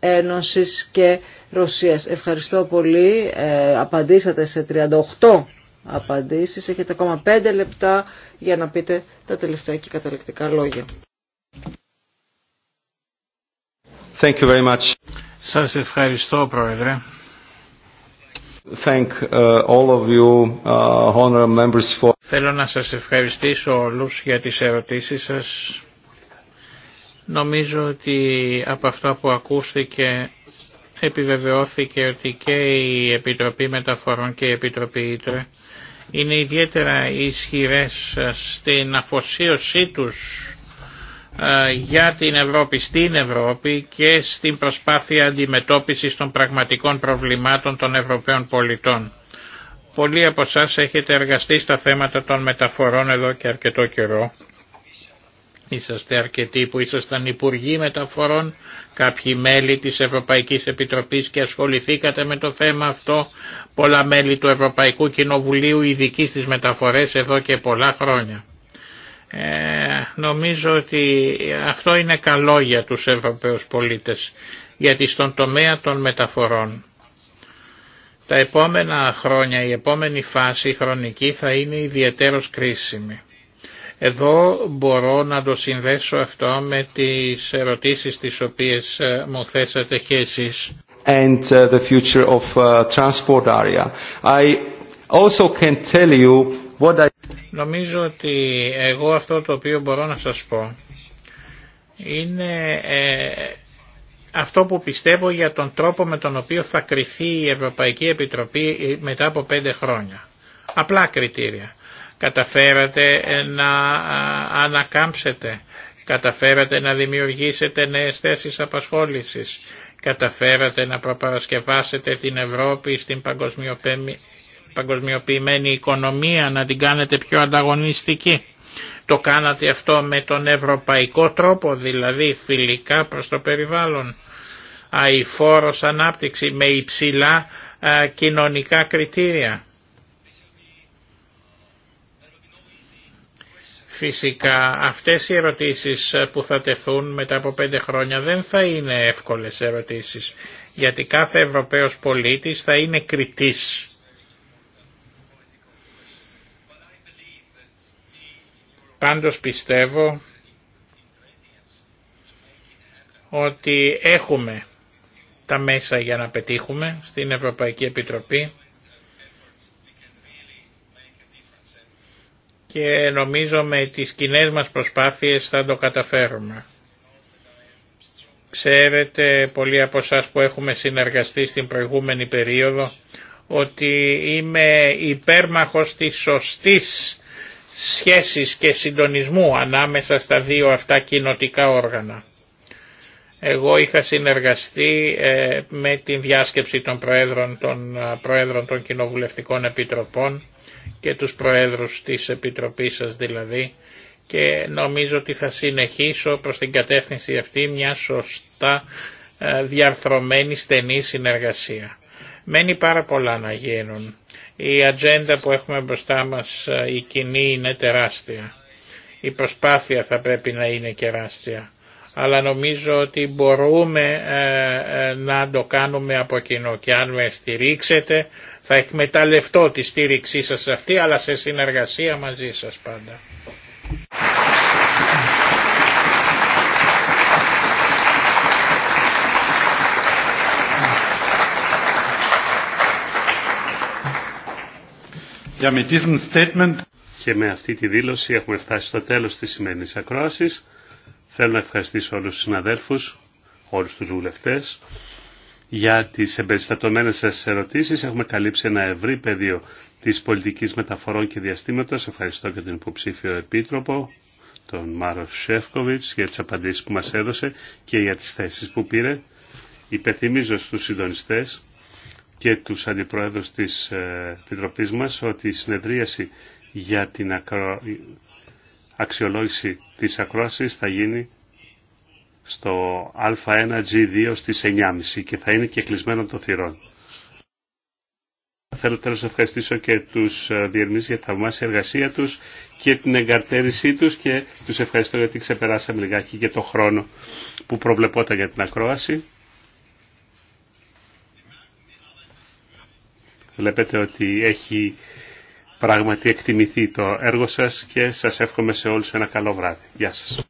Ένωσης και Ρωσίας. Ευχαριστώ πολύ. Ε, απαντήσατε σε 38 απαντήσεις. Έχετε ακόμα 5 λεπτά για να πείτε τα τελευταία και καταληκτικά λόγια. Thank you very much. Σας ευχαριστώ Πρόεδρε. Thank, uh, all of you, uh, for... Θέλω να σας ευχαριστήσω όλους για τις ερωτήσεις σας Νομίζω ότι από αυτό που ακούστηκε επιβεβαιώθηκε ότι και η Επιτροπή Μεταφορών και η Επιτροπή Ήτρε είναι ιδιαίτερα ισχυρές στην αφοσίωσή τους ε, για την Ευρώπη, στην Ευρώπη και στην προσπάθεια αντιμετώπισης των πραγματικών προβλημάτων των Ευρωπαίων πολιτών. Πολλοί από εσά έχετε εργαστεί στα θέματα των μεταφορών εδώ και αρκετό καιρό είσαστε αρκετοί που ήσασταν υπουργοί μεταφορών, κάποιοι μέλη της Ευρωπαϊκής Επιτροπής και ασχοληθήκατε με το θέμα αυτό, πολλά μέλη του Ευρωπαϊκού Κοινοβουλίου ειδικοί στις μεταφορές εδώ και πολλά χρόνια. Ε, νομίζω ότι αυτό είναι καλό για τους Ευρωπαίους πολίτες, γιατί στον τομέα των μεταφορών τα επόμενα χρόνια, η επόμενη φάση χρονική θα είναι ιδιαίτερος κρίσιμη. Εδώ μπορώ να το συνδέσω αυτό με τις ερωτήσεις τις οποίες ε, μου θέσατε και εσείς. And uh, the future of uh, transport area. Νομίζω ότι εγώ αυτό το οποίο μπορώ να σας πω είναι ε, αυτό που πιστεύω για τον τρόπο με τον οποίο θα κριθεί η Ευρωπαϊκή Επιτροπή ε, μετά από πέντε χρόνια. Απλά κριτήρια καταφέρατε να ανακάμψετε, καταφέρατε να δημιουργήσετε νέες θέσεις απασχόλησης, καταφέρατε να προπαρασκευάσετε την Ευρώπη στην παγκοσμιοποιημένη οικονομία, να την κάνετε πιο ανταγωνιστική. Το κάνατε αυτό με τον ευρωπαϊκό τρόπο, δηλαδή φιλικά προς το περιβάλλον. αιφόρος ανάπτυξη με υψηλά κοινωνικά κριτήρια. Φυσικά αυτές οι ερωτήσεις ε, που θα τεθούν μετά από πέντε χρόνια δεν θα είναι εύκολες ερωτήσεις γιατί κάθε Ευρωπαίος πολίτης θα είναι κριτής. Πάντως πιστεύω ότι έχουμε τα μέσα για να πετύχουμε στην Ευρωπαϊκή Επιτροπή και νομίζω με τις κοινέ μας προσπάθειες θα το καταφέρουμε. Ξέρετε πολλοί από εσά που έχουμε συνεργαστεί στην προηγούμενη περίοδο ότι είμαι υπέρμαχος της σωστής σχέσης και συντονισμού ανάμεσα στα δύο αυτά κοινοτικά όργανα. Εγώ είχα συνεργαστεί ε, με την διάσκεψη των Προέδρων των, ε, προέδρων των Κοινοβουλευτικών Επιτροπών και τους Προέδρους της Επιτροπής σας δηλαδή και νομίζω ότι θα συνεχίσω προς την κατεύθυνση αυτή μια σωστά ε, διαρθρωμένη στενή συνεργασία. Μένει πάρα πολλά να γίνουν. Η ατζέντα που έχουμε μπροστά μας ε, η κοινή είναι τεράστια. Η προσπάθεια θα πρέπει να είναι τεράστια αλλά νομίζω ότι μπορούμε ε, ε, να το κάνουμε από κοινό και αν με στηρίξετε θα εκμεταλλευτώ τη στήριξή σας αυτή αλλά σε συνεργασία μαζί σας πάντα. Και με αυτή τη δήλωση έχουμε φτάσει στο τέλος της σημερινής ακρόασης. Θέλω να ευχαριστήσω όλους τους συναδέλφους, όλους τους βουλευτές, για τις εμπεριστατωμένες σας ερωτήσεις. Έχουμε καλύψει ένα ευρύ πεδίο της πολιτικής μεταφορών και διαστήματος. Ευχαριστώ και τον υποψήφιο επίτροπο, τον Μάρο Σεύκοβιτς, για τις απαντήσεις που μας έδωσε και για τις θέσεις που πήρε. Υπενθυμίζω στους συντονιστές και τους αντιπρόεδρους της ε, Επιτροπής μας ότι η συνεδρίαση για την ακρο αξιολόγηση της ακρόασης θα γίνει στο α1G2 στις 9.30 και θα είναι και κλεισμένο το θυρών. Θέλω τέλος να ευχαριστήσω και τους ε, διερμηνείς για τη θαυμάσια εργασία τους και την εγκαρτέρησή τους και τους ευχαριστώ γιατί ξεπεράσαμε λιγάκι και το χρόνο που προβλεπόταν για την ακρόαση. Βλέπετε ότι έχει Πράγματι εκτιμηθεί το έργο σας και σας εύχομαι σε όλους ένα καλό βράδυ. Γεια σας.